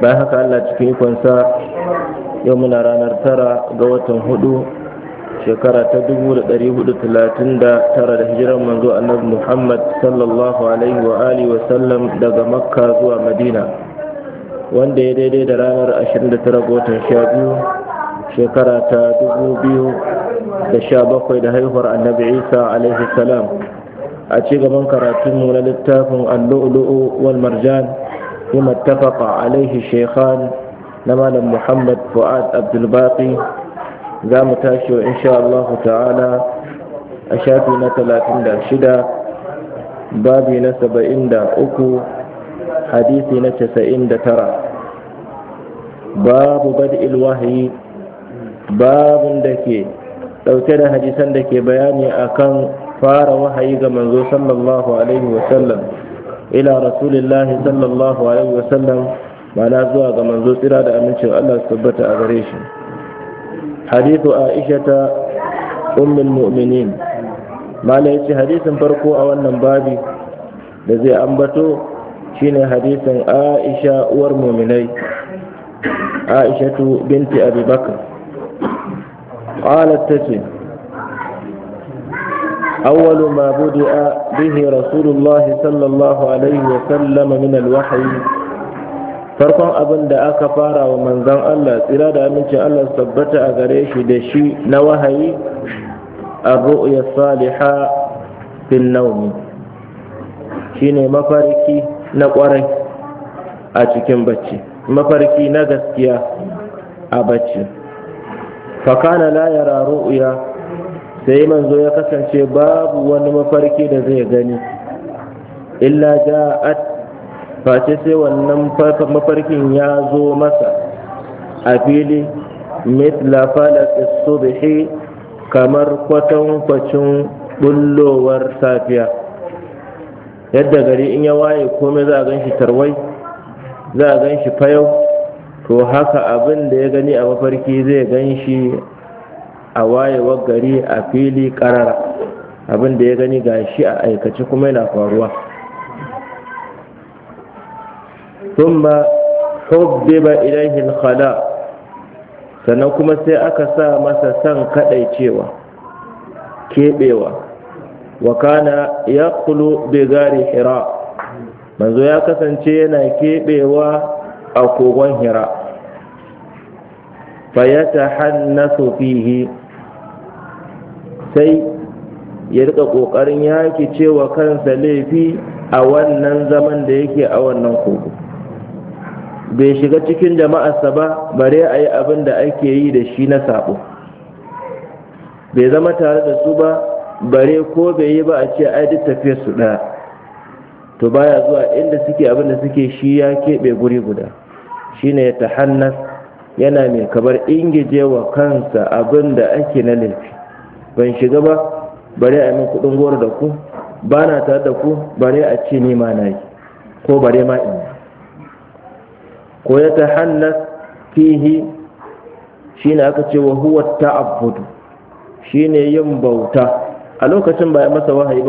bayan haka Allah cikin ikonsa yau muna ranar tara ga watan hudu shekara ta dubu da talatin da da tara hijiran manzo annabi Muhammad sallallahu alaihi wa alihi wa sallam daga Makka zuwa Madina wanda ya daidai da ranar ashirin da tara ga watan biyu shekara ta dubu biyu da sha bakwai da haihuwar annabi Isa alaihi salam a ci gaban karatunmu na littafin allu'ulu'u wal marjan لما اتفق عليه الشيخان نمال محمد فؤاد عبد الباقي زام تاشو إن شاء الله تعالى أشافينا ثلاثين دا شدا بابي نسبئين دا أكو حديثي نتسئين دا ترى باب بدء الوحي babin da ke ɗauke da hadisan da ke bayani akan fara wahayi ga manzo sallallahu alaihi wasallam ila rasulillahi sallallahu alaihi wasallam mana zuwa ga manzo tsira da amincin Allah su tabbata a gare shi hadithu aisha ta ummul mu'minin mala yace hadisin farko a wannan babi da zai ambato shine hadisin aisha uwar mu'minai tu binti abubakar qalat tace أول ما بدأ به رسول الله صلى الله عليه وسلم من الوحي farkon abin da aka fara wa manzan Allah tsira da amincin Allah tabbata a gare shi da shi na wahayi a ru'ya saliha fil naumi shi ne mafarki na kwarai a cikin bacci mafarki na gaskiya a bacci fakana la yara ru'ya sai manzo ya kasance babu wani mafarki da zai gani illa ja'at face sai wannan mafarkin ya zo masa a fili mitla falak subhi kamar kwatankwacin bullowar safiya yadda gari in ya waye komai za a gan shi tarwai za a gan shi fayau to haka abin da ya gani a mafarki zai gan shi a wayewar gari a fili karara abin da ya gani ga shi a aikace kuma yana faruwa ba hubbiba idan al-khala sannan kuma sai aka sa masa san kadaicewa kebewa wa kana kulu bai gari hira manzo ya kasance yana kebewa a kogon hira fayatahannasu fihi sai ya rika ƙoƙarin yaki cewa kansa laifi a wannan zaman da yake a wannan kogo bai shiga cikin jama'arsa ba bare a yi abin da ake yi da shi na sabo bai zama tare da su ba bare ko bai yi ba a ce ai duk tafiya su ɗaya to baya zuwa inda suke abin da suke shi ya keɓe guri guda shi ne ya tahannas yana mai kabar ingijewa kansa abin da ake na laifi ban shiga ba bare a min kuɗin goro da ku ba na tare da ku bare a ce ni ma na yi ko bare ma in ko ya ta hannas fihi shi ne aka ce wa huwa ta'abbudu shi ne yin bauta a lokacin ba ya masa wahayi